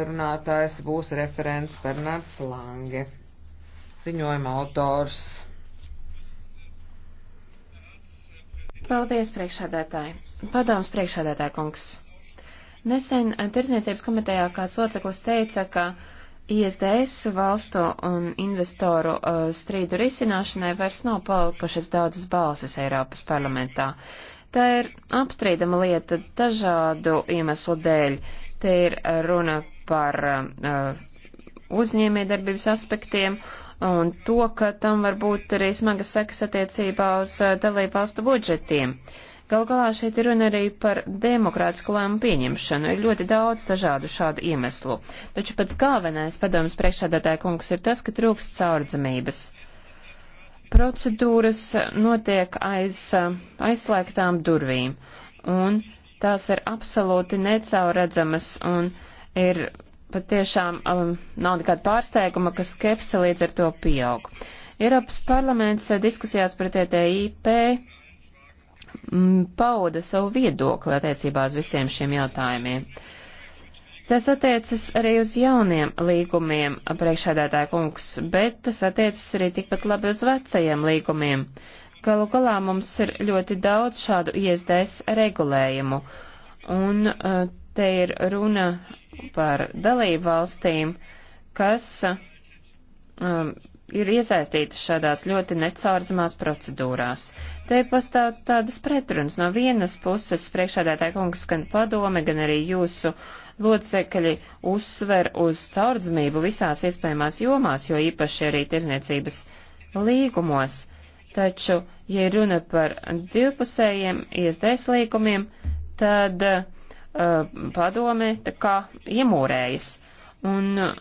runātājs būs referents Bernards Lange, ziņojuma autors. Paldies, priekšādētāji. Padoms priekšādētāji kungs. Nesen Tirzniecības komitejā kāds loceklis teica, ka ISDS valstu un investoru uh, strīdu risināšanai vairs nav palikušas daudzas balsis Eiropas parlamentā. Tā ir apstrīdama lieta dažādu iemeslu dēļ. Te ir runa par uh, uzņēmējdarbības aspektiem un to, ka tam var būt arī smagas sekas attiecībā uz uh, eh, dalībvalstu budžetiem. Gal galā šeit ir runa arī par demokrātisku lēmu pieņemšanu. Ir ļoti daudz dažādu šādu iemeslu. Taču pats galvenais padomas priekšādātāja kungs ir tas, ka trūkst caurdzamības. Procedūras notiek aiz uh, aizslēgtām durvīm, un tās ir absolūti necauredzamas un uh, ir patiešām um, nav nekāda pārsteiguma, ka skepse līdz ar to pieaug. Eiropas parlaments eh, diskusijās par e TTIP mm, pauda savu viedokli attiecībā uz visiem šiem jautājumiem. Tas attiecas arī uz jauniem līgumiem, priekšādātāja kungs, bet tas attiecas arī tikpat labi uz vecajiem līgumiem. Galu galā mums ir ļoti daudz šādu ISDS regulējumu, un uh, Te ir runa par dalību valstīm, kas um, ir iesaistītas šādās ļoti necaurzamās procedūrās. Te pastāv tādas pretrunas no vienas puses priekšādētāja kungs gan padome, gan arī jūsu locekļi uzsver uz caurdzmību visās iespējamās jomās, jo īpaši arī tirzniecības līgumos. Taču, ja runa par divpusējiem ISDS līgumiem, tad uh, Uh, padome tā kā iemūrējas. Un uh,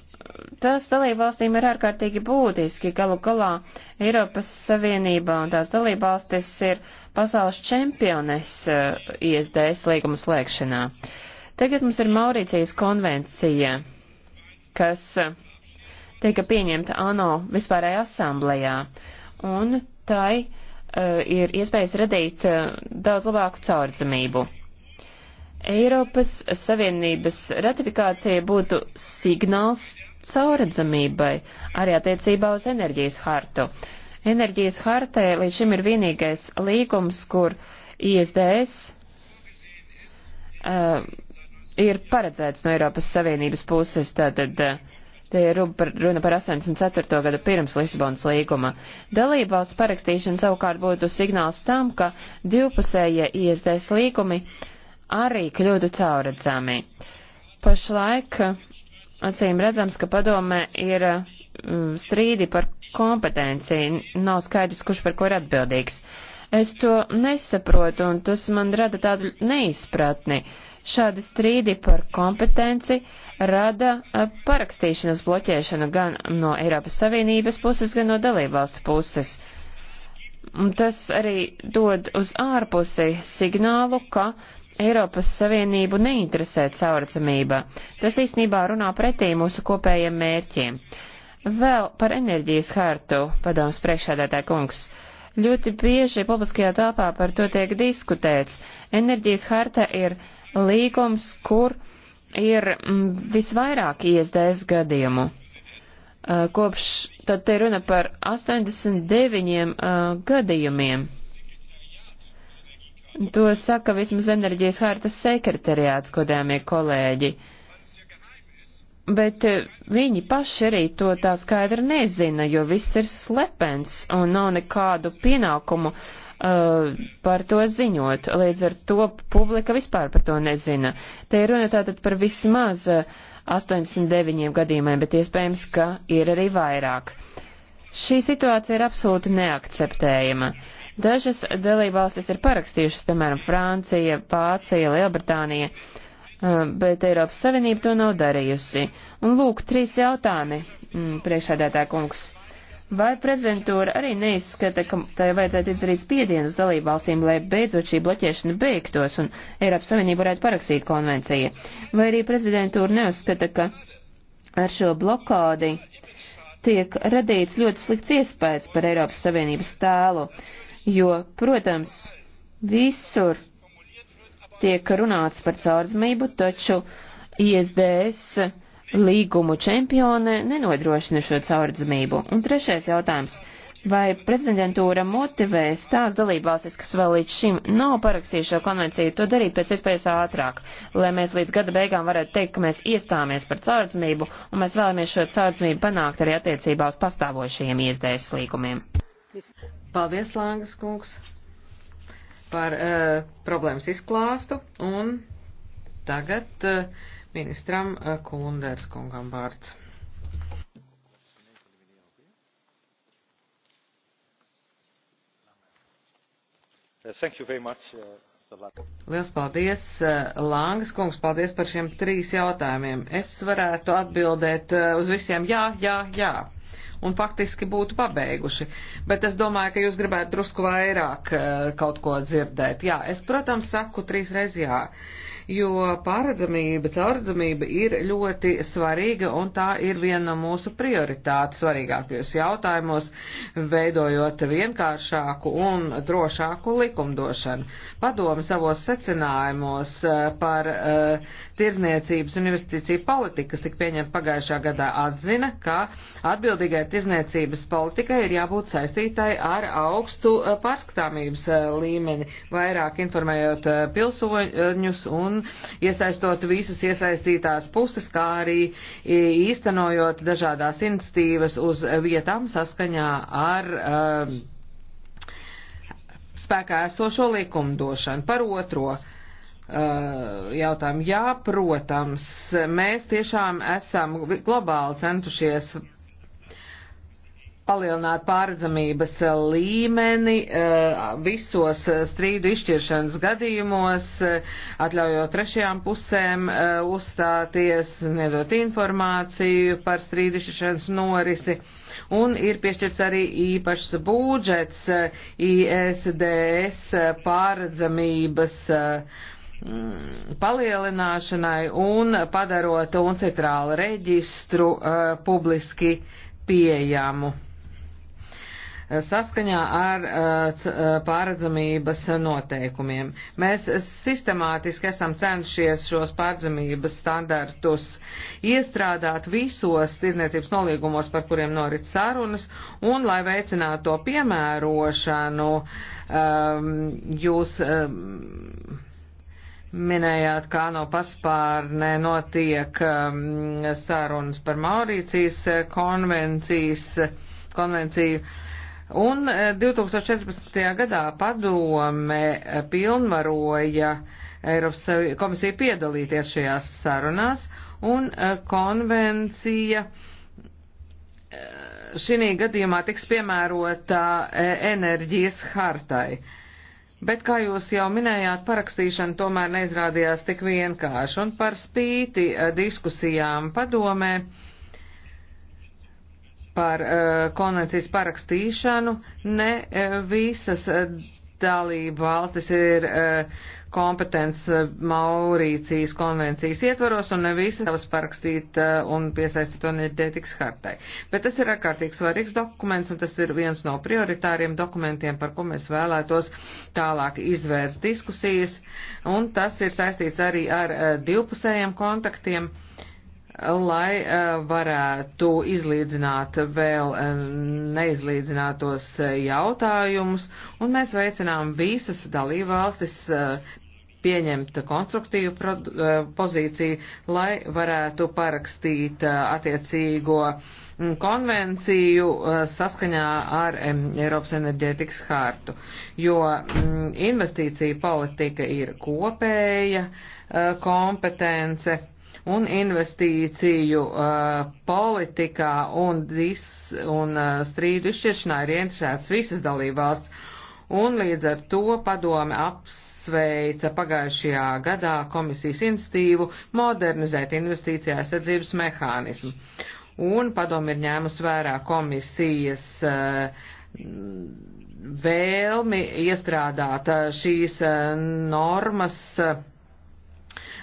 tas dalībvalstīm ir ārkārtīgi būtiski. Galu galā Eiropas Savienībā un tās dalībvalstis ir pasaules čempiones uh, ISDS līguma slēgšanā. Tagad mums ir Maurīcijas konvencija, kas tika pieņemta ANO vispārējā asamblējā, un tai uh, ir iespējas radīt uh, daudz labāku caurdzamību. Eiropas Savienības ratifikācija būtu signāls cauredzamībai arī attiecībā uz enerģijas hartu. Enerģijas hartē līdz šim ir vienīgais līgums, kur ISDS uh, eh, ir paredzēts no Eiropas Savienības puses, tātad uh, Te ir runa par 84. gadu pirms Lisabonas līguma. Dalībvalstu parakstīšana savukārt būtu signāls tam, ka divpusējie ISDS līgumi uh, arī kļūtu cauradzami. Pašlaik acīm redzams, ka padome ir mm, strīdi par kompetenciju, nav skaidrs, kurš par ko ir atbildīgs. Es to nesaprotu, un tas man rada tādu neizpratni. Šādi strīdi par kompetenci rada parakstīšanas bloķēšanu gan no Eiropas Savienības puses, gan no dalībvalstu puses. Un tas arī dod uz ārpusi signālu, ka Eiropas Savienību neinteresē caurredzamība. Tas īstenībā runā pretī mūsu kopējiem mērķiem. Vēl par enerģijas hartu, padoms priekšādātāja kungs. Ļoti bieži publiskajā telpā par to tiek diskutēts. Enerģijas harta ir līgums, kur ir mm, visvairāk ISDS gadījumu. Kopš tad te runa par 89 gadījumiem. To saka vismaz enerģijas hārtas sekretariāts, godāmie kolēģi. Bet eh, viņi paši arī to tā skaidri nezina, jo viss ir slepens un nav nekādu pienākumu uh, par to ziņot. Līdz ar to publika vispār par to nezina. Te ir runa tātad par vismaz 89 eh, gadījumiem, bet iespējams, ka ir arī vairāk. Šī situācija ir absolūti neakceptējama. Uh, Dažas dalībvalstis ir parakstījušas, piemēram, Francija, Vācija, Lielbritānija, eh, bet Eiropas Savienība to nav darījusi. Un lūk, trīs jautājumi, mm, priekšādētā kungs. Vai prezidentūra arī neizskata, ka tai vajadzētu izdarīt spiedienu uz dalību valstīm, lai beidzot šī bloķēšana beigtos un Eiropas Savienība varētu parakstīt konvenciju? Vai arī prezidentūra neuzskata, ka ar šo blokādi tiek radīts ļoti slikts iespējas par Eiropas Savienības tēlu? Uh, jo, protams, visur tiek runāts par caurdzmību, taču ISDS līgumu čempione nenodrošina šo caurdzmību. Un trešais jautājums. Vai prezidentūra motivēs tās dalībvalstis, kas vēl līdz šim nav parakstījušo konvenciju, to darīt pēc iespējas ātrāk, lai mēs līdz gada beigām varētu teikt, ka mēs iestāmies par caurdzmību un mēs vēlamies šo caurdzmību panākt arī attiecībā uz pastāvošajiem iesdējas līgumiem? Paldies, Lāngas kungs, par uh, problēmas izklāstu. Un tagad uh, ministram uh, eh, Kulunders kungam vārds. Thank you very much. Uh... Liels paldies, Lāngas kungs, paldies par šiem trīs jautājumiem. Es varētu atbildēt uz visiem jā, jā, jā un faktiski būtu pabeiguši. Bet es domāju, ka jūs gribētu drusku vairāk eh, kaut ko dzirdēt. Jā, es, protams, saku trīs reizes jā jo pārredzamība, caurredzamība ir ļoti svarīga un tā ir viena no mūsu prioritāte svarīgākajos jautājumos, veidojot vienkāršāku un drošāku likumdošanu. Padomi savos secinājumos eh, par uh, tirzniecības un investīciju politiku, kas tika pieņemta pagājušā gadā, atzina, ka atbildīgai tirzniecības politikai ir jābūt saistītai ar augstu eh, pārskatāmības līmeni, vairāk informējot pilsoņus un un iesaistot visas iesaistītās puses, kā arī īstenojot dažādās iniciatīvas uz vietām saskaņā ar uh, spēkā esošo likumdošanu. Par otro uh, jautājumu. Jā, protams, mēs tiešām esam globāli centušies palielināt pārredzamības līmeni eh, visos eh, strīdu izšķiršanas gadījumos, eh, atļaujot trešajām pusēm uzstāties, nedot informāciju par strīdu izšķiršanas norisi. Un ir piešķirts arī īpašs būdžets ISDS pārredzamības mm, palielināšanai un padarot un centrālu reģistru uh, publiski pieejamu saskaņā ar eh, eh, pārredzamības noteikumiem. Mēs sistemātiski esam cenšies šos pārredzamības standartus iestrādāt visos tirniecības nolīgumos, par kuriem norit sarunas, un lai veicinātu to piemērošanu, ehm, jūs ehm, minējāt, kā no paspārnē notiek ehm, sarunas par Maurīcijas eh, konvencijas, konvenciju Un 2014. E, gadā padome e, pilnvaroja Eiropas komisiju piedalīties šajās sarunās, un e, konvencija šī gadījumā tiks piemērota enerģijas hartai. Bet, kā jūs jau minējāt, parakstīšana tomēr neizrādījās tik vienkārši, un par spīti diskusijām padomē par eh, konvencijas parakstīšanu, ne eh, visas eh, dalību valstis ir kompetents Maurīcijas konvencijas ietvaros un ne visas savas parakstīt un piesaistīt enerģētikas hartai. Bet tas ir ārkārtīgi svarīgs dokuments un tas ir viens no prioritāriem dokumentiem, par ko mēs vēlētos tālāk izvērst diskusijas. Un tas ir saistīts arī ar divpusējiem kontaktiem. Uh, lai e, varētu izlīdzināt vēl e, neizlīdzinātos jautājumus, un mēs veicinām visas dalībvalstis e, pieņemt konstruktīvu pozīciju, lai varētu parakstīt attiecīgo konvenciju saskaņā ar Eiropas enerģētikas hārtu, jo investīcija politika ir kopēja kompetence un investīciju uh, politikā un, dis, un uh, strīdu izšķiršanā ir ieinteresēts visas dalībvalsts, un līdz ar to padome apsveica pagājušajā gadā komisijas institīvu modernizēt investīcijā aizsardzības mehānismu. Un padome ir ņēmusi vērā komisijas uh, vēlmi iestrādāt uh, šīs uh, normas uh,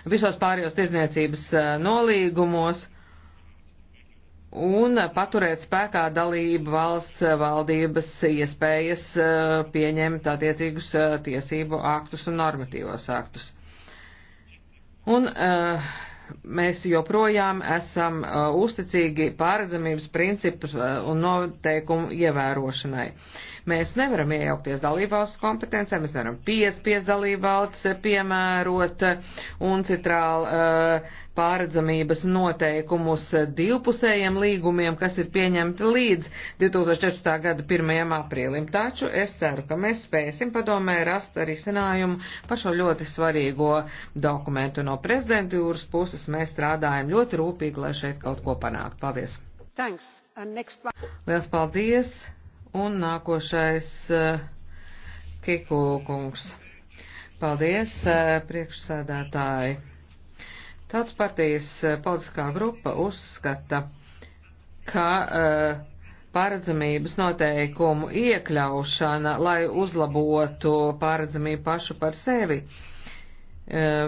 visos pārējos tirdzniecības eh, nolīgumos un paturēt spēkā dalību valsts eh, valdības iespējas eh, pieņemt attiecīgus tiesību aktus un normatīvos aktus. Un mēs joprojām esam uzticīgi pārredzamības principus un noteikumu ievērošanai. Uh, Mēs nevaram iejaukties dalībvalsts kompetencē, mēs nevaram piespies dalībvalsts piemērot un citrāli uh, eh, pāredzamības noteikumus divpusējiem līgumiem, kas ir pieņemti līdz 2014. gada 1. aprīlim. Taču es ceru, ka mēs spēsim padomē rast arī sinājumu par šo ļoti svarīgo dokumentu. No prezidentūras puses mēs strādājam ļoti rūpīgi, lai šeit kaut ko panākt. Paldies! Thanks. Liels paldies! Un nākošais eh, Kikulkungs. Paldies, eh, priekšsēdētāji. Tāds partijas eh, politiskā grupa uzskata, ka uh, paredzamības noteikumu iekļaušana, lai uzlabotu paredzamību pašu par sevi.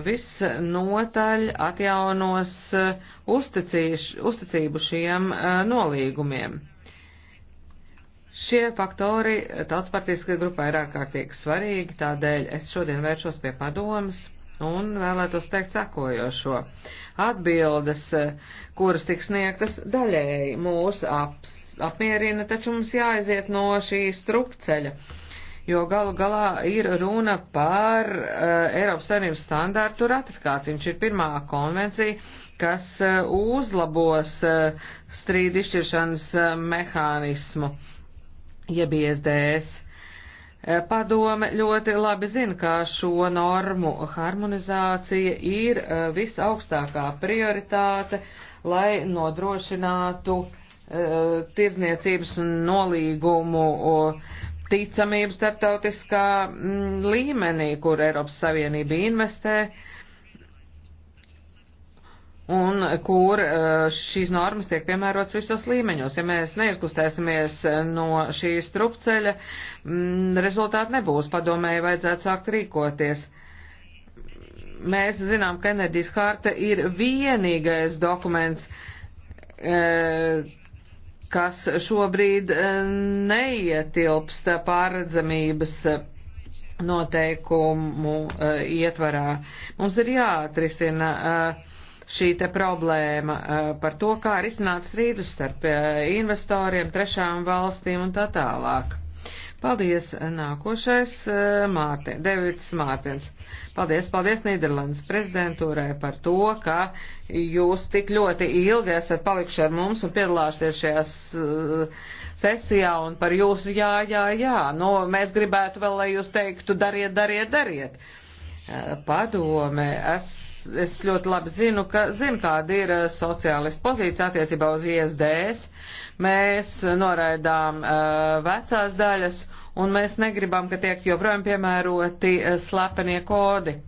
Viss notaļ atjaunos uzticību šiem nolīgumiem. Šie faktori tautspartijaskai grupai ir ārkārtīgi svarīgi, tādēļ es šodien vēršos pie padomas un vēlētos teikt sakojošo. Atbildes, kuras tiks sniegtas daļēji mūs aps, apmierina, taču mums jāaiziet no šī strupceļa, jo galu galā ir runa par uh, Eiropas Savienības standārtu ratifikāciju. Šī ir pirmā konvencija, kas uh, uzlabos uh, eh, strīdu izšķiršanas uh, mehānismu. Uh, jeb ISDS. E, padome ļoti labi zina, ka šo normu harmonizācija ir e, visaugstākā prioritāte, lai nodrošinātu uh, tirzniecības nolīgumu uh, ticamību starptautiskā mm, līmenī, kur Eiropas Savienība investē uh, un kur e, šīs normas tiek piemērotas visos līmeņos. Ja mēs neizkustēsimies e, no šī strupceļa, mm, rezultāti nebūs. Padomēji vajadzētu sākt rīkoties. Mēs zinām, ka enerģijas harta ir vienīgais dokuments, e, kas šobrīd neietilpst pārredzamības noteikumu ietvarā. Mums ir jāatrisina uh, šī te problēma eh, par to, kā ir izcināt strīdus starp eh, investoriem, trešām valstīm un tā tālāk. Paldies, nākošais eh, Mārte, Devits Mārtens. Paldies, paldies Nīderlandes prezidentūrai par to, ka jūs tik ļoti ilgi esat palikuši ar mums un piedalāsies šajā sesijā un par jūsu jā, jā, jā. Nu, mēs gribētu vēl, lai jūs teiktu, dariet, dariet, dariet padome. Es, es ļoti labi zinu, ka zinu, kāda ir eh, sociālistu pozīcija attiecībā uz ISDS. Mēs noraidām uh, vecās daļas un mēs negribam, ka tiek joprojām piemēroti eh, slepenie kodi.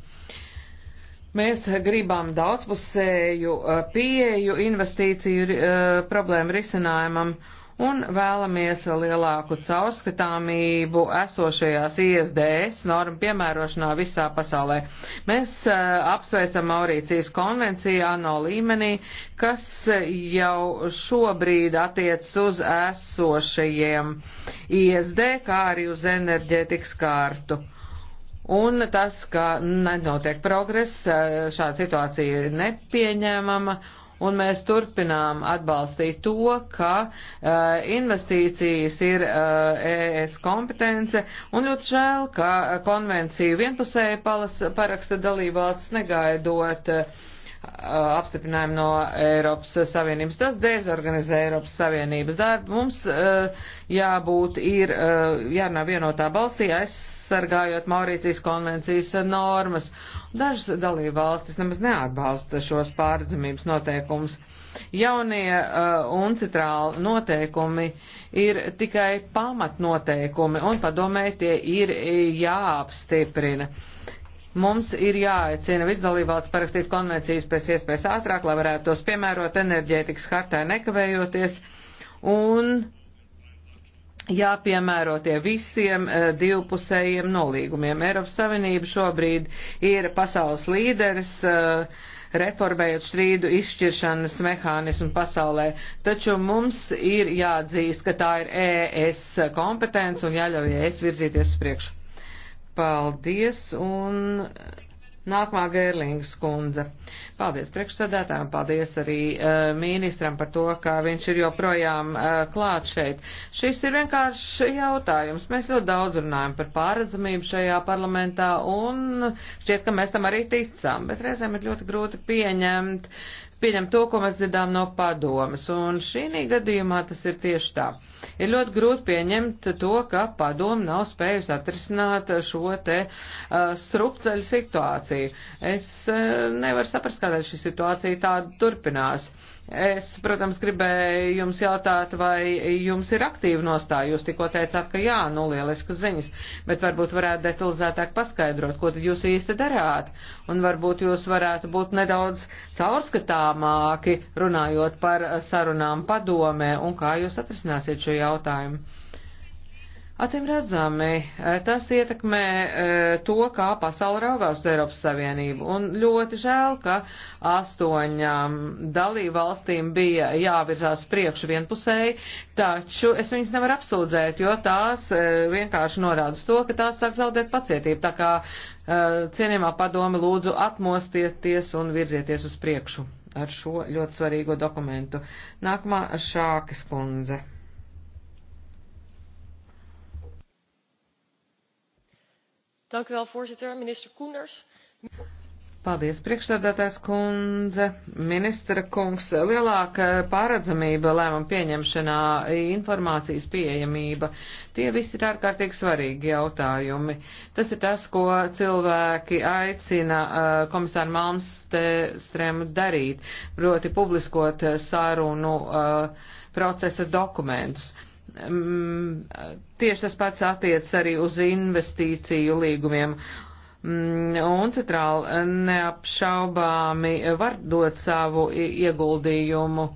Mēs gribam daudzpusēju pieju investīciju problēmu risinājumam un vēlamies lielāku caurskatāmību esošajās ISDS normu piemērošanā visā pasaulē. Mēs uh, apsveicam Maurīcijas konvenciju ANO līmenī, kas jau šobrīd attiec uz esošajiem ISD, kā arī uz enerģētikas kārtu. Un tas, ka nenotiek progress, eh, šāda situācija ir nepieņēmama un mēs turpinām atbalstīt to, ka uh, investīcijas ir uh, eh, ES kompetence, un ļoti žēl, ka eh, konvenciju vienpusēji paraksta dalībvalsts negaidot uh, Uh, apstiprinājumu no Eiropas Savienības. Tas dezorganizē Eiropas Savienības darbu. Mums uh, jābūt ir uh, jārunā vienotā balsī, aizsargājot Maurīcijas konvencijas normas. Dažas dalība valstis nemaz neatbalsta šos pārdzimības noteikumus. Jaunie uh, un citrāli noteikumi ir tikai pamatnoteikumi, un padomē tie ir jāapstiprina. Uh, Mums ir jāaicina visdalībvalsts parakstīt konvencijas pēc iespējas ātrāk, lai varētu tos piemērot enerģētikas hartē nekavējoties un jāpiemēro tie visiem uh, divpusējiem nolīgumiem. Eiropas Savienība šobrīd ir pasaules līderis. Uh, reformējot strīdu izšķiršanas mehānismu pasaulē, taču mums ir jāatzīst, ka tā ir ES kompetence un jāļauj ES virzīties uz priekšu. Paldies un nākamā Gērlings kundze. Paldies priekšsēdētājiem, paldies arī uh, ministram par to, ka viņš ir joprojām uh, klāt šeit. Šis ir vienkārši jautājums. Mēs ļoti daudz runājam par pārredzamību šajā parlamentā un šķiet, ka mēs tam arī ticam, bet reizēm ir ļoti grūti pieņemt pieņem to, ko mēs dzirdām no padomas, un šī gadījumā tas ir tieši tā. Ir ļoti grūti pieņemt to, ka padoma nav spējusi atrisināt šo te uh, strupceļu situāciju. Es uh, nevaru saprast, kādēļ šī situācija tāda turpinās. Es, protams, gribēju jums jautāt, vai jums ir aktīva nostāja. Jūs tikko teicāt, ka jā, nu lieliskas ziņas, bet varbūt varētu detalizētāk paskaidrot, ko tad jūs īsti darāt. Un varbūt jūs varētu būt nedaudz caurskatāmāki runājot par sarunām padomē un kā jūs atrisināsiet šo jautājumu. Acīm redzami, eh, tas ietekmē eh, to, kā pasauli raugās uz Eiropas Savienību. Un ļoti žēl, ka astoņām dalību valstīm bija jāvirzās priekšu vienpusēji, taču es viņas nevaru apsūdzēt, jo tās eh, vienkārši norāda uz to, ka tās sāk zaudēt pacietību. Tā kā cienījumā padomi lūdzu atmostieties un virzieties uz priekšu ar šo ļoti svarīgo dokumentu. Nākamā Šākas kundze. voorzitter minister koenders. Paldies, priekšstādātājs kundze, ministra kungs. Lielāka pāredzamība lēmuma pieņemšanā, informācijas pieejamība, tie visi ir ārkārtīgi svarīgi jautājumi. Tas ir tas, ko cilvēki aicina eh, komisāru Malmstrēmu darīt, proti publiskot sārunu eh, procesa dokumentus. Tieši tas pats attiec arī uz investīciju līgumiem. Un centrāli neapšaubāmi var dot savu ieguldījumu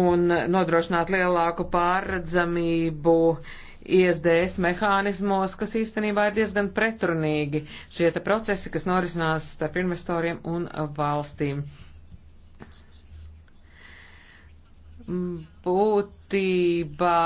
un nodrošināt lielāku pārredzamību ISDS mehānismos, kas īstenībā ir diezgan pretrunīgi šie procesi, kas norisinās starp investoriem un valstīm. būtībā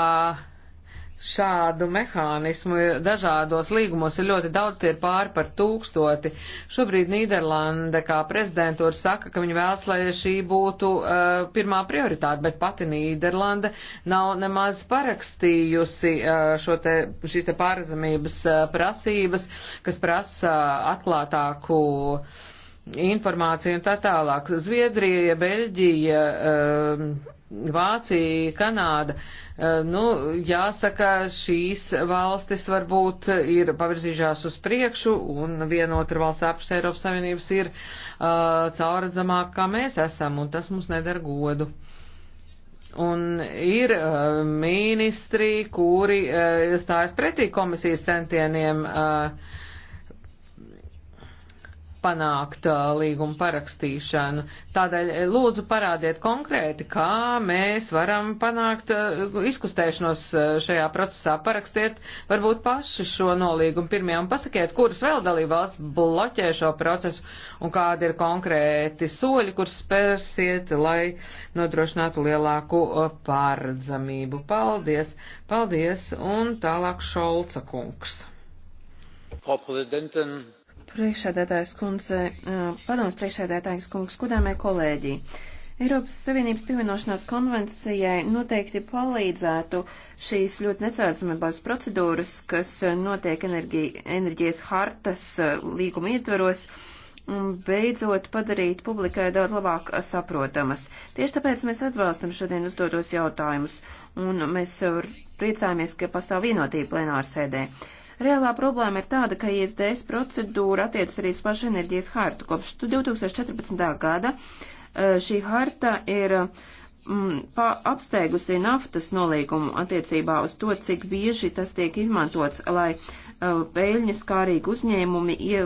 šādu mehānismu dažādos līgumos ir ļoti daudz, tie ir pāri par tūkstoti. Šobrīd Nīderlanda kā prezidentūra saka, ka viņi vēlas, lai šī būtu uh, pirmā prioritāte, bet pati Nīderlanda nav nemaz parakstījusi uh, šo te, šīs te pārzemības uh, prasības, kas prasa uh, atklātāku uh, informācija un tā tālāk. Zviedrija, Beļģija, um, Vācija, Kanāda, uh, nu, jāsaka, šīs valstis varbūt ir pavirzījušās uz priekšu un vienotra valsts ārpus Eiropas Savienības ir uh, cauradzamāk, kā mēs esam, un tas mums nedara godu. Un ir uh, ministri, kuri uh, stājas pretī komisijas centieniem uh, panākt uh, līgumu parakstīšanu. Tādēļ eh, lūdzu parādiet konkrēti, kā mēs varam panākt uh, izkustēšanos uh, šajā procesā. Parakstiet varbūt paši šo nolīgumu pirmie un pasakiet, kuras vēl dalībvalsts bloķē šo procesu un kādi ir konkrēti soļi, kurus spērsiet, lai nodrošinātu lielāku pārdzamību. Paldies! Paldies! Un tālāk Šolca kungs. Frau Präsidentin, priekšsēdētājs kundze, padoms priekšsēdētājs kungs, kudāmē kolēģi. Eiropas Savienības pievienošanās konvencijai noteikti palīdzētu šīs ļoti necārdzamībās procedūras, kas notiek enerģi, enerģijas hartas līguma ietveros, beidzot padarīt publikai daudz labāk saprotamas. Tieši tāpēc mēs atbalstam šodien uzdotos jautājumus, un mēs priecājamies, ka pastāv vienotība plenārsēdē. sēdē. Reālā problēma ir tāda, ka ISDS procedūra attiecas arī uz pašu enerģijas hartu. Kopš 2014. gada eh, šī harta ir m, mm, apsteigusi naftas nolīgumu attiecībā uz to, cik bieži tas tiek izmantots, lai eh, peļņas kārīgi uzņēmumi ie,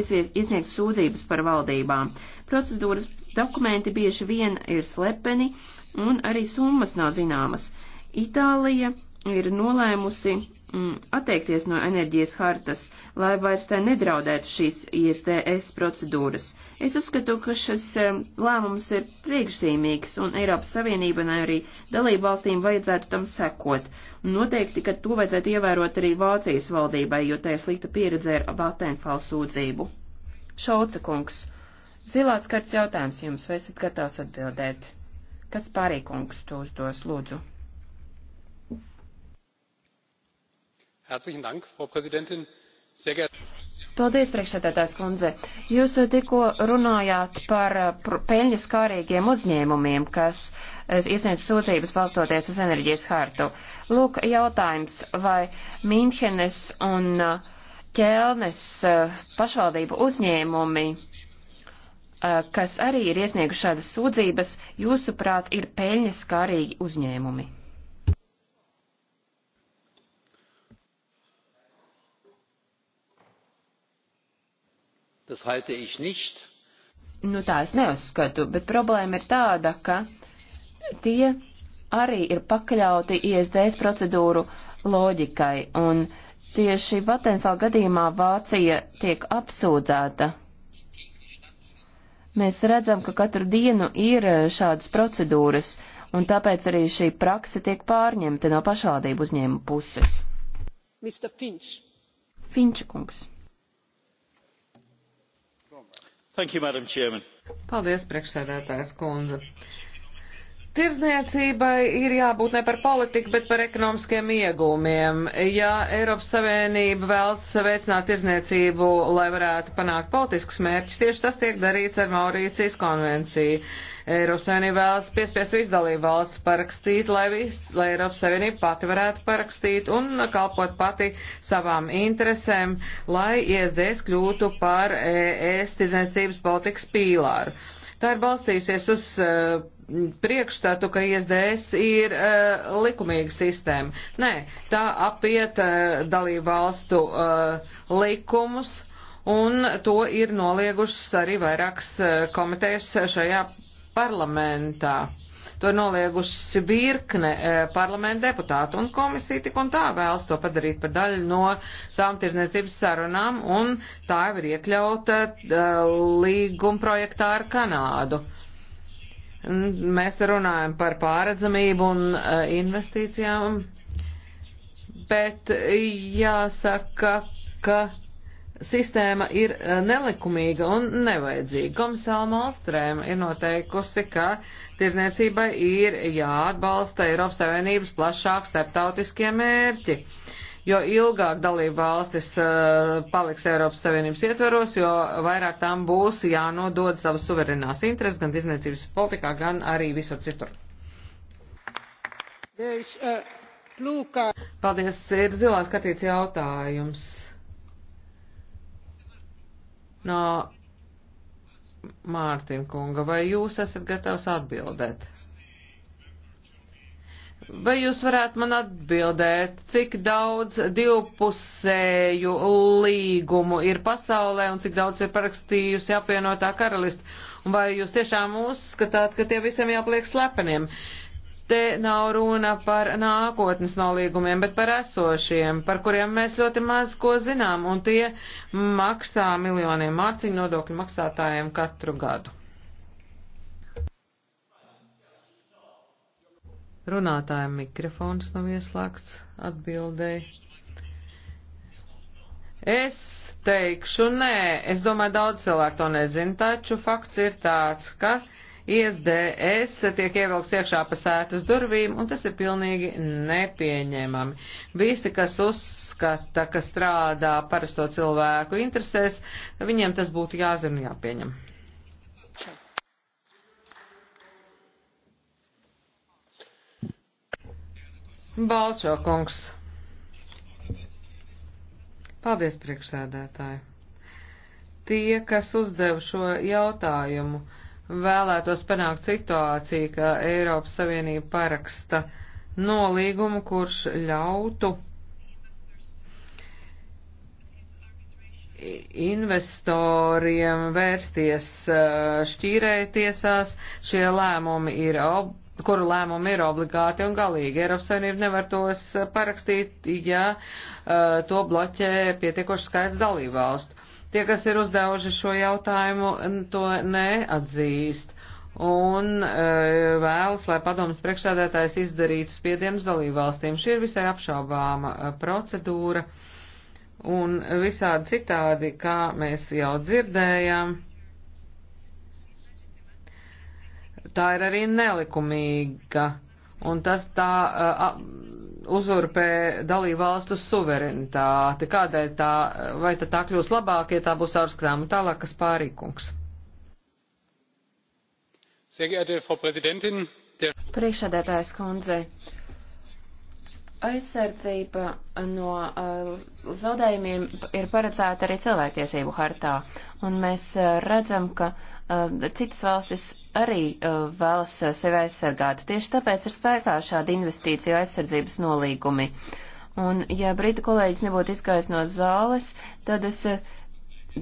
iesies, iesniegt sūdzības par valdībām. Procedūras dokumenti bieži vien ir slepeni un arī summas nav zināmas. Itālija ir nolēmusi Mm, atteikties no enerģijas hartas, lai vairs tā nedraudētu šīs ISDS procedūras. Es uzskatu, ka šis lēmums ir priekšzīmīgs, un Eiropas Savienība un arī dalību valstīm vajadzētu tam sekot. Un noteikti, ka to vajadzētu ievērot arī Vācijas valdībai, jo tā ir slikta pieredze ar Vatēnfālu sūdzību. Šauca kungs, zilās karts jautājums jums, vai esat gatavs atbildēt? Kas pārī kungs to uzdos, lūdzu? frau präsidentin sehr geehrter herr kommissar! paldies priekšsēdētājas kundze. Jūs eh, tikko runājāt par eh, peļņu skārīgiem uzņēmumiem, kas eh, iesniedz sūdzības balstoties uz enerģijas hartu. Lūk, jautājums, vai Mīnhenes un Ķelnes pašvaldību uzņēmumi, kas arī ir iesnieguši šādas sūdzības, jūsuprāt, ir peļņu skārīgi uzņēmumi? Das halte ich nicht. Nu tā es neuzskatu, bet problēma ir tāda, ka tie arī ir pakļauti ISDS procedūru loģikai, un tieši Vatenfāla gadījumā Vācija tiek apsūdzēta. Mēs redzam, ka katru dienu ir šādas procedūras, un tāpēc arī šī prakse tiek pārņemta no pašvaldību uzņēmu puses. Finč. Finčkungs. You, Paldies, priekšsēdētājs kundze. Tirzniecībai ir jābūt ne par politiku, bet par ekonomiskiem iegūmiem. Ja Eiropas Savienība vēlas veicināt tirzniecību, lai varētu panākt politiskus mērķus, tieši tas tiek darīts ar Maurīcijas konvenciju. Eiropas Savienība vēlas piespiest visu dalību valsts parakstīt, lai, vis, lai Eiropas Savienība pati varētu parakstīt un kalpot pati savām interesēm, lai ISDS kļūtu par ES tirzniecības politikas pīlāru. Tā ir balstījusies uz uh, priekšstatu, ka ISDS ir uh, likumīga sistēma. Nē, tā apiet uh, dalību valstu uh, likumus, un to ir noliegušas arī vairākas uh, komitejas šajā parlamentā. To ir nolieguši virkne e, parlamenta deputātu un komisija tik un tā vēlas to padarīt par daļu no sāmtirdzniecības sarunām un tā jau ir iekļauta e, līguma projektā ar Kanādu. Mēs runājam par pāredzamību un e, investīcijām, bet jāsaka, ka sistēma ir eh, nelikumīga un nevajadzīga. Komisāla Malstrēma ir noteikusi, ka tirzniecībai ir jāatbalsta Eiropas Savienības plašāk starptautiskie mērķi. Jo ilgāk dalība valstis eh, paliks Eiropas Savienības ietveros, jo vairāk tām būs jānodod savas suverenās intereses gan tirzniecības politikā, gan arī visur citur. Uh, Paldies, ir zilā skatīts jautājums no Mārtiņa kunga, vai jūs esat gatavs atbildēt? Vai jūs varētu man atbildēt, cik daudz divpusēju līgumu ir pasaulē un cik daudz ir parakstījusi apvienotā karalista? Un vai jūs tiešām uzskatāt, ka tie visiem jāpliek slepeniem? Uh, Te nav runa par nākotnes nolīgumiem, bet par esošiem, par kuriem mēs ļoti maz ko zinām, un tie maksā miljoniem mārciņu nodokļu maksātājiem katru gadu. Runātājiem mikrofons nav ieslēgts atbildēji. Es teikšu nē, es domāju, daudz cilvēku to nezin, taču fakts ir tāds, ka ISDS tiek ievilkts iekšā pa sētas durvīm, un tas ir pilnīgi nepieņēmami. Visi, kas uzskata, ka strādā parasto cilvēku interesēs, viņiem tas būtu jāzina un jāpieņem. Balčo kungs. Paldies, priekšsēdētāji. Tie, kas uzdev šo jautājumu, uh, vēlētos panākt situāciju, ka Eiropas Savienība paraksta nolīgumu, kurš ļautu investoriem vērsties šķīrētiesās, šie lēmumi ir ob kuru lēmumi ir obligāti un galīgi. Eiropas Savienība nevar tos parakstīt, ja uh, to bloķē pietiekoši skaits dalībvalstu. Tie, kas ir uzdevuši šo jautājumu, to neatzīst un e, vēlas, lai padomas priekšsēdētājs izdarītu spiedienus dalībvalstīm. Šī ir visai apšaubāma e, procedūra un visādi citādi, kā mēs jau dzirdējām. Tā ir arī nelikumīga, un tas tā, e, a, uzurpē dalību valstu suverenitāti. Kādēļ tā, vai tad tā kļūs labāk, ja tā būs ārskatām tālāk, kas pārīkums? Priekšādātājs kundze, aizsardzība no uh, zaudējumiem ir paredzēta arī cilvēktiesību hartā, un mēs uh, redzam, ka uh, citas valstis arī uh, vēlas uh, sevi aizsargāt. Tieši tāpēc ir spēkā šādi investīciju aizsardzības nolīgumi. Un, ja brīta kolēģis nebūtu izgājis no zāles, tad es uh,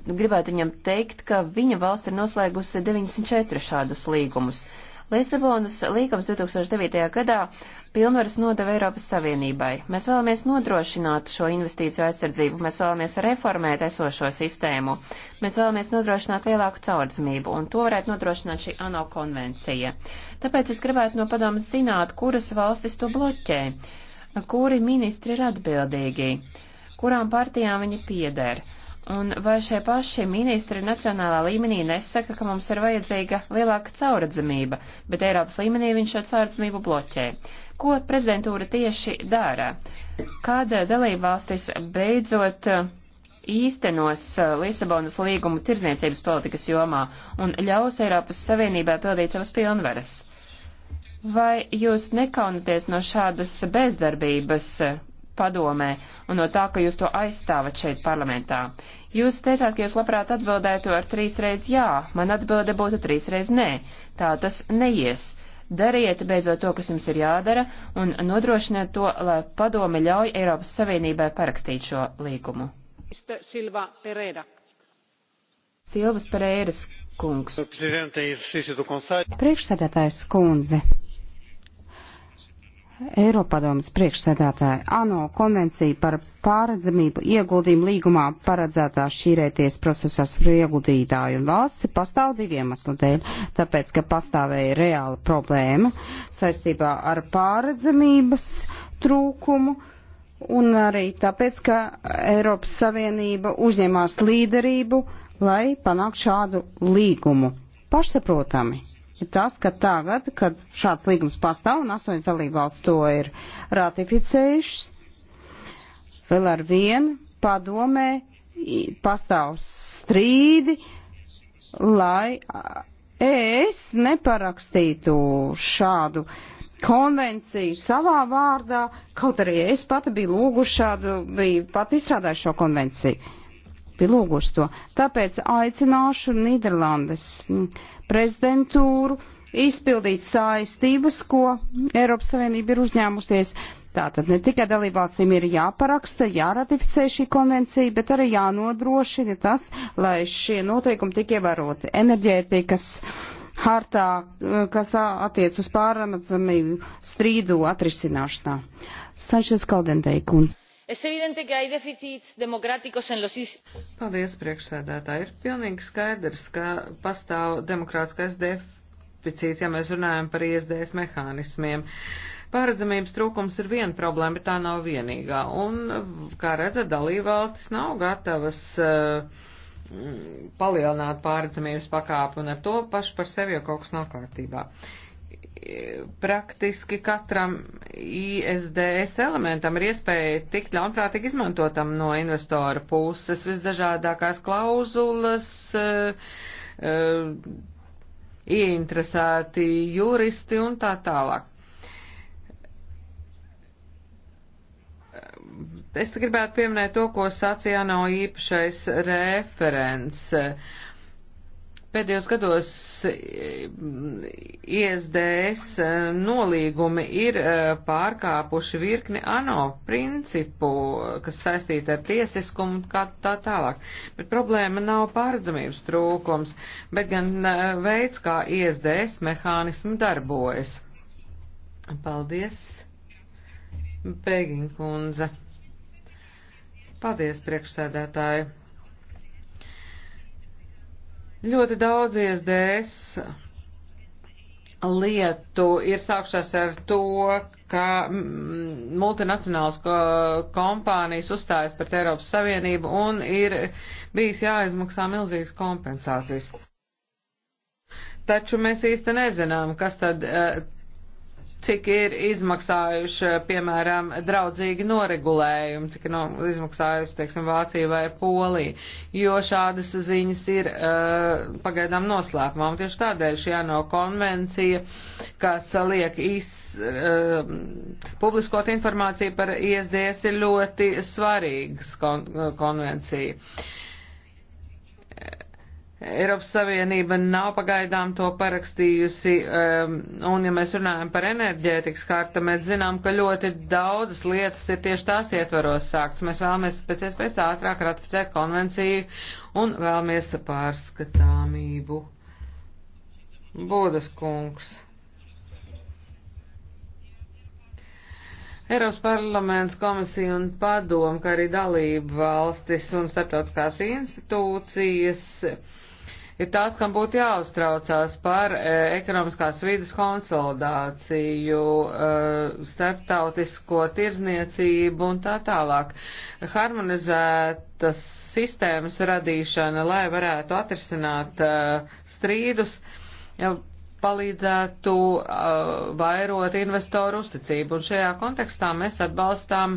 gribētu viņam teikt, ka viņa valsts ir noslēgusi 94 šādus līgumus. Uh, Lisabonas līgums 2009. gadā pilnvaras nodeva Eiropas Savienībai. Mēs vēlamies nodrošināt šo investīciju aizsardzību, mēs vēlamies reformēt esošo sistēmu, mēs vēlamies nodrošināt lielāku caurdzmību, un to varētu nodrošināt šī ANO konvencija. Tāpēc es gribētu no padomas zināt, kuras valstis to bloķē, kuri ministri ir atbildīgi, kurām partijām viņi pieder Un vai šie paši ministri nacionālā līmenī nesaka, ka mums ir vajadzīga lielāka cauradzamība, bet Eiropas līmenī viņš šo cauradzamību bloķē? Ko prezidentūra tieši dara? Kāda dalībvalstis beidzot uh, īstenos uh, Lisabonas līgumu tirzniecības politikas jomā un ļaus Eiropas Savienībai pildīt savas pilnvaras? Vai jūs nekaunaties no šādas bezdarbības, uh, padomē un no tā, ka jūs to aizstāvat šeit parlamentā. Jūs teicāt, ka jūs labprāt atbildētu ar trīsreiz jā, man atbilde būtu trīsreiz nē. Tā tas neies. Dariet beidzot to, kas jums ir jādara, un nodrošiniet to, lai padome ļauj Eiropas Savienībai parakstīt šo līgumu. Silva Pereira. Silvas Pereiras kungs. Priekšsēdētājs kundze. Eiropadomas priekšsēdētāja ANO konvencija par pārredzamību ieguldījumu līgumā paredzētā šīrēties procesās par ieguldītāju un valsti pastāv diviem aslu dēļ, tāpēc, ka pastāvēja reāla problēma saistībā ar pārredzamības trūkumu un arī tāpēc, ka Eiropas Savienība uzņemās līderību, lai panāktu šādu līgumu. Pašsaprotami tas, ka tagad, kad šāds līgums pastāv un astoņas dalībvalsts to ir ratificējušas, vēl ar vienu padomē pastāv strīdi, lai es neparakstītu šādu konvenciju savā vārdā, kaut arī es pati biju lūguši šādu, biju pati izstrādājuši šo konvenciju. Biju lūguši to. Tāpēc aicināšu Nīderlandes prezidentūru izpildīt saistības, ko Eiropas Savienība ir uzņēmusies. Tātad ne tikai dalībvalstīm ir jāparaksta, jāratificē šī konvencija, bet arī jānodrošina tas, lai šie noteikumi tik ievēroti. Enerģētikas hartā, kas attiec uz pāramazamību strīdu atrisināšanā. Sanšies Kaldentei kundze. Es evidente, ka hay deficīts demokrātikos en los is. Paldies, priekšsēdētāji. Ir pilnīgi skaidrs, ka pastāv demokrātiskais deficīts, ja mēs runājam par iesdējas mehānismiem. Pārredzamības trūkums ir viena problēma, bet tā nav vienīgā. Un, kā redzat, dalībvalstis nav gatavas uh, palielināt pārredzamības pakāpi, un ar to pašu par sevi jau kaut kas nav kārtībā. Uh, praktiski katram ISDS elementam ir iespēja tikt ļaunprātīgi izmantotam no investora puses visdažādākās klauzulas, eh, eh, ieinteresēti juristi un tā tālāk. Es gribētu pieminēt to, ko sacīja no īpašais referents. Uh, Pēdējos gados eh, ISDS eh, nolīgumi ir eh, pārkāpuši virkni ANO principu, kas saistīti ar tiesiskumu kā tā tālāk. Bet problēma nav pārredzamības trūkums, bet gan veids, kā ISDS mehānismi darbojas. Paldies, Pēgiņkundze. Paldies, priekšsēdētāji. Ļoti daudz ISDS lietu ir sākšās ar to, ka multinacionālas kompānijas uzstājas pret Eiropas Savienību un ir bijis jāizmaksā milzīgas kompensācijas. Taču mēs īsti nezinām, kas tad eh, cik ir izmaksājuši, piemēram, draudzīgi noregulējumi, cik ir no, izmaksājusi, teiksim, Vācija vai Polija, jo šādas ziņas ir uh, pagaidām noslēpumā. Un tieši tādēļ šī ANO konvencija, kas liek iz, uh, publiskot informāciju par ISDS, ir ļoti svarīgs kon konvencija. Uh, Eiropas Savienība nav pagaidām to parakstījusi, um, un ja mēs runājam par enerģētikas kārtu, mēs zinām, ka ļoti daudzas lietas ir tieši tās ietvaros sākts. Mēs vēlamies pēc iespējas ātrāk ratificēt konvenciju un vēlamies pārskatāmību. Būdas kungs. Eiropas parlaments, komisija un padoma, kā arī dalība valstis un starptautiskās institūcijas ir tās, kam būtu jāuztraucās par e, ekonomiskās vidas konsolidāciju, e, starptautisko tirzniecību un tā tālāk. Harmonizētas sistēmas radīšana, lai varētu atrisināt e, strīdus, palīdzētu uh, vairot investoru uzticību. Un šajā kontekstā mēs atbalstām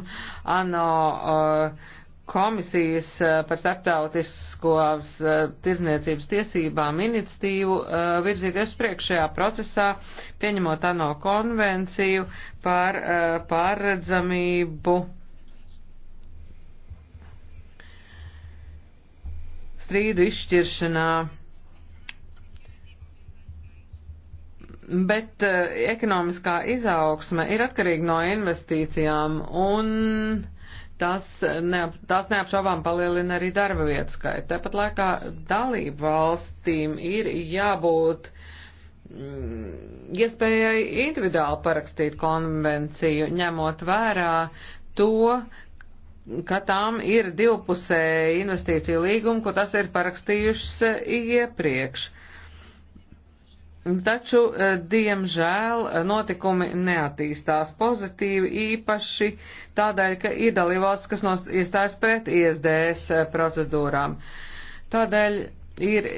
ANO uh, komisijas eh, par starptautisko eh, tirdzniecības tiesībām iniciatīvu eh, virzīties priekšējā procesā, pieņemot ANO konvenciju par pārredzamību strīdu izšķiršanā. Bet uh, ekonomiskā izaugsme ir atkarīga no investīcijām, un Tas neap, tās neapšaubām palielina arī darba vietu skaitu. Tāpat laikā dalību valstīm ir jābūt mm, iespējai individuāli parakstīt konvenciju, ņemot vērā to, ka tām ir divpusēji investīciju līgumi, ko tas ir parakstījušas iepriekš. Uh, Taču, eh, diemžēl, eh, notikumi neattīstās pozitīvi, īpaši tādēļ, ka ir dalībvalsts, kas iestājas pret ISDS eh, procedūrām. Tādēļ ir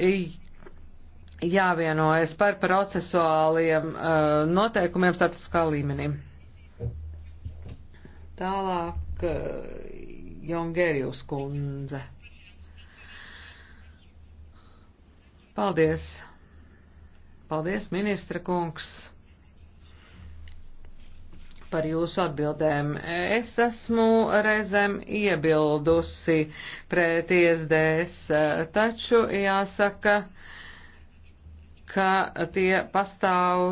jāvienojas par procesuāliem noteikumiem starptautiskā līmenī. Tālāk, Jongerijus kundze. Paldies! Paldies, ministra kungs, par jūsu atbildēm. Es esmu reizēm iebildusi pret ISDS, taču jāsaka, ka tie pastāv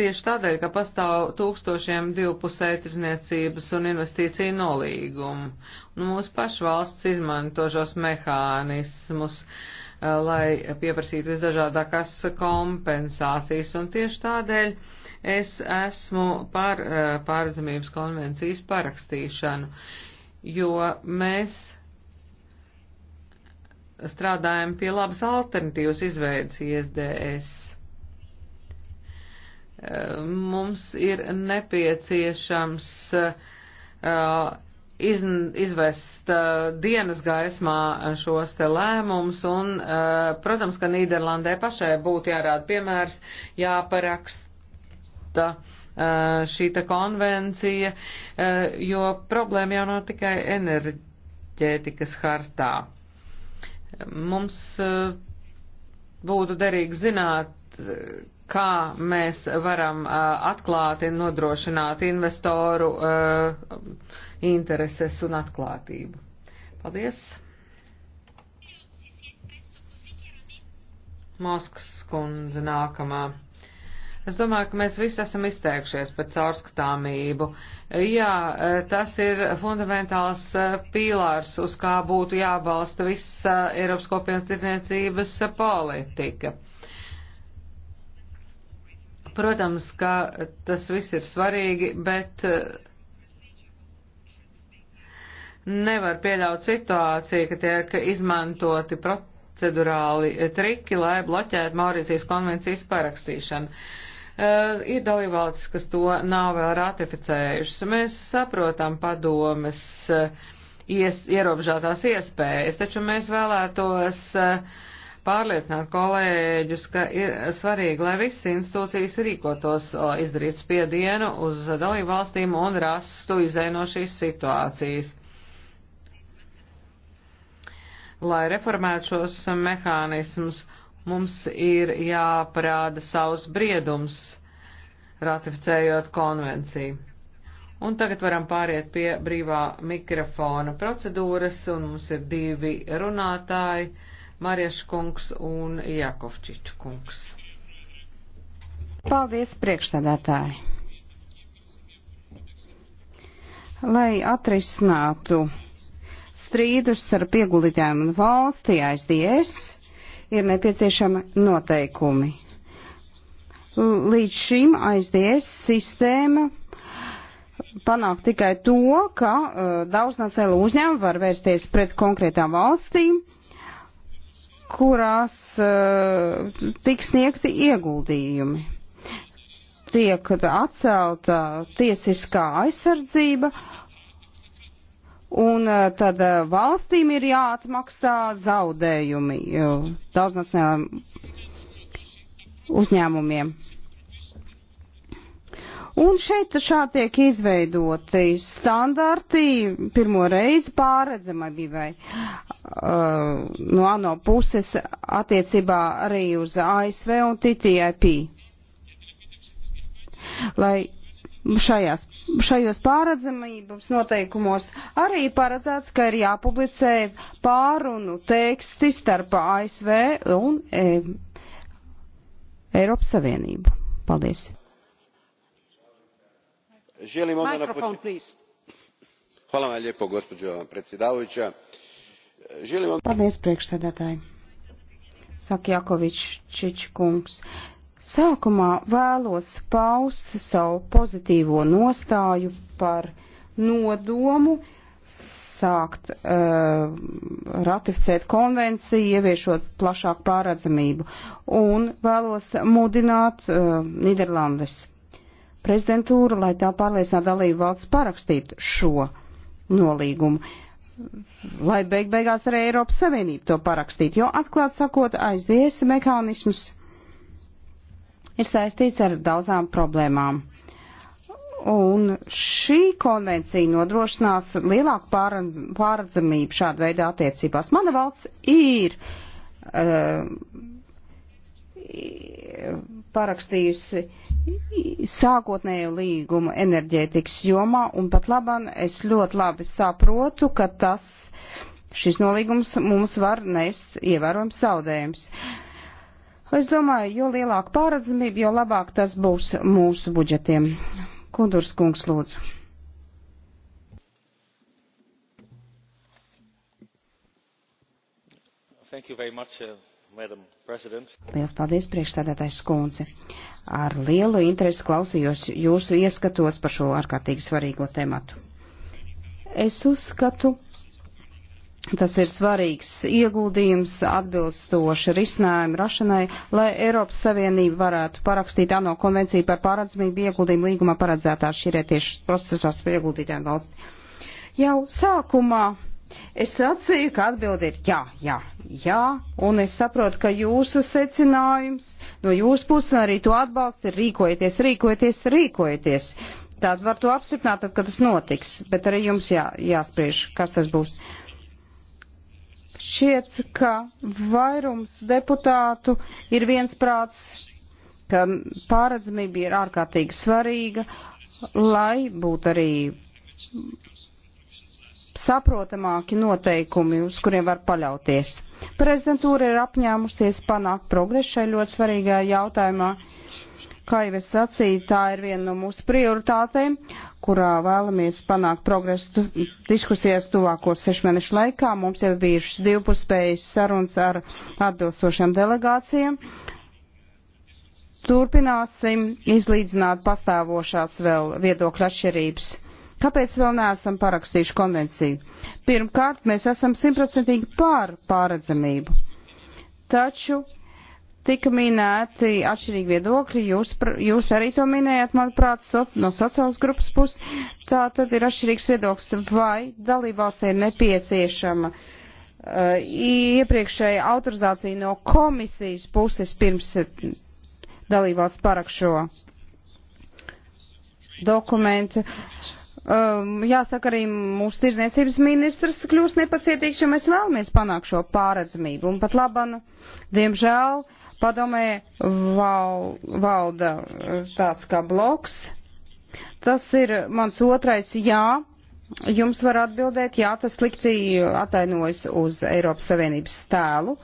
tieši tādēļ, ka pastāv tūkstošiem divpusēji tirzniecības un investīciju nolīgumu. Un mūsu pašu valsts izmanto šos mehānismus. Uh, lai pieprasītu visdažādākās kompensācijas. Un tieši tādēļ es esmu par eh, pārdzimības konvencijas parakstīšanu, jo mēs strādājam pie labas alternatīvas izveidas ISDS. Eh, mums ir nepieciešams uh, iz, izvest uh, dienas gaismā šos te lēmumus, un, uh, protams, ka Nīderlandē pašai būtu jārāda piemērs, jāparaksta uh, šī te konvencija, uh, jo problēma jau nav tikai enerģētikas hartā. Mums uh, būtu derīgi zināt, uh, kā mēs varam uh, atklāti nodrošināt investoru uh, intereses un atklātību. Paldies! Moskas kundze nākamā. Es domāju, ka mēs visi esam izteikšies par caurskatāmību. Jā, tas ir fundamentāls pīlārs, uz kā būtu jābalsta visa Eiropas kopienas tirniecības politika. Protams, ka tas viss ir svarīgi, bet eh, nevar pieļaut situāciju, ka tiek izmantoti procedurāli triki, lai bloķētu Maurīzijas konvencijas parakstīšanu. Uh, ir dalībvalstis, kas to nav vēl ratificējušas. Mēs saprotam padomes uh, ies, ierobežotās iespējas, taču mēs vēlētos uh, pārliecināt kolēģus, ka ir svarīgi, lai visas institūcijas rīkotos, izdarītu spiedienu uz dalību valstīm un rastu izaino šīs situācijas. Lai reformētu šos mehānismus, mums ir jāparāda savs briedums, ratificējot konvenciju. Un tagad varam pāriet pie brīvā mikrofona procedūras, un mums ir divi runātāji. Marieša kungs un Jakovčiča kungs. Paldies, priekšstādātāji! Lai atrisinātu strīdus starp ieguldītājiem un valsti ASDS, ir nepieciešama noteikumi. Līdz šim ASDS sistēma panāk tikai to, ka uh, daudznasēlu uzņēmumi var vērsties pret konkrētām valstīm, uh, kurās uh, tiks sniegti ieguldījumi. Tiek atcelta tiesiskā aizsardzība, un uh, tad uh, valstīm ir jāatmaksā zaudējumi daudznacionālajiem uzņēmumiem. Un šeit šādi tiek izveidoti standarti pirmo reizi pāredzamībai uh, no ANO puses attiecībā arī uz ASV un TTIP. Lai šajās, šajos pāredzamības noteikumos arī paredzēts, ka ir jāpublicē pārunu teksti starp ASV un e, Eiropas Savienību. Paldies! gospođo predsjednice želim vam. paldies priekšsēdētāji saka jakovičs čičkungs. Sākumā vēlos paust savu pozitīvo nostāju par nodomu sākt uh, ratificēt konvenciju, ieviešot plašāku pārredzamību. Un vēlos mudināt uh, eh, Niderlandes prezidentūru, lai tā pārliecinātu dalību valsts parakstīt šo nolīgumu, lai beig beigās arī Eiropas Savienība to parakstītu, jo atklāt sakot, aizdies mehānisms ir saistīts ar daudzām problēmām. Un šī konvencija nodrošinās lielāku pārredzamību šāda veida attiecībās. Mana valsts ir. Uh, parakstījusi sākotnējo līgumu enerģētikas jomā, un pat laban es ļoti labi saprotu, ka tas, šis nolīgums mums var nest ievērojams zaudējums. Es domāju, jo lielāka pārredzamība, jo labāk tas būs mūsu budžetiem. Kundurs kungs, lūdzu. Thank you very much. Uh... Lielas paldies, priekšsēdētājs Skūnce. Ar lielu interesi klausījos jūsu ieskatos par šo ārkārtīgi svarīgo tematu. Es uzskatu, tas ir svarīgs ieguldījums atbilstoši risinājumu rašanai, lai Eiropas Savienība varētu parakstīt ANO konvenciju par pārredzamību ieguldījumu līgumā paredzētās šķirētiešu procesos par ieguldītājiem valsts. Jau sākumā Es sacīju, ka atbildi ir jā, jā, jā, un es saprotu, ka jūsu secinājums no jūsu puses un arī to atbalsta ir rīkojieties, rīkojieties, rīkojieties. Tātad var to apstiprināt, tad, kad tas notiks, bet arī jums jā, jāspriež, kas tas būs. Šķiet, ka vairums deputātu ir viensprāts, ka pārredzamība ir ārkārtīgi svarīga, lai būtu arī saprotamāki noteikumi, uz kuriem var paļauties. Prezidentūra ir apņēmusies panākt progresu šai ļoti svarīgajā jautājumā. Kā jau es sacīju, tā ir viena no mūsu prioritātēm, kurā vēlamies panākt progresu diskusijās tuvāko sešu mēnešu laikā. Mums jau bijušas divpuspējas sarunas ar atbilstošiem delegācijām. Turpināsim izlīdzināt pastāvošās vēl viedokļa atšķirības Kāpēc vēl neesam parakstījuši konvenciju? Pirmkārt, mēs esam simtprocentīgi pār pāredzamību. Taču tika minēti atšķirīgi viedokļi, jūs, jūs arī to minējāt, manuprāt, soc, no sociālas grupas puses. Tā tad ir atšķirīgs viedoklis, vai dalībvalstī ir nepieciešama uh, iepriekšēja autorizācija no komisijas puses pirms dalībvalsts parakšo dokumentu. Uh, um, jāsaka arī mūsu tirzniecības ministrs kļūst nepacietīgs, jo mēs vēlamies panākt šo pāredzamību. Un pat laban, diemžēl, padomē val, valda uh, tāds kā bloks. Tas ir mans otrais jā. Jums var atbildēt, jā, tas slikti atainojas uz Eiropas Savienības tēlu.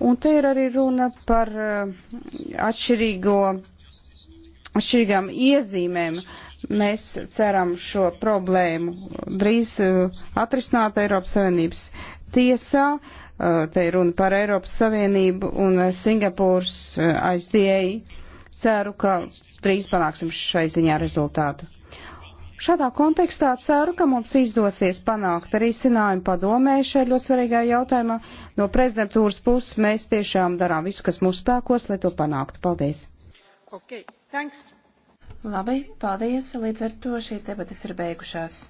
Un te ir arī runa par uh, atšķirīgo, atšķirīgām iezīmēm, uh, Mēs ceram šo problēmu drīz eh, atrisināt Eiropas Savienības tiesā. Eh, te ir runa par Eiropas Savienību un eh, Singapūras aizdieji. Ceru, ka drīz panāksim šai ziņā rezultātu. Šādā kontekstā ceru, ka mums izdosies panākt arī sinājumu padomē šajā ļoti svarīgā jautājumā. No prezidentūras puses mēs tiešām darām visu, kas mūsu spēkos, lai to panāktu. Paldies! Okay, thanks. Labi, paldies, līdz ar to šīs debatas ir beigušās.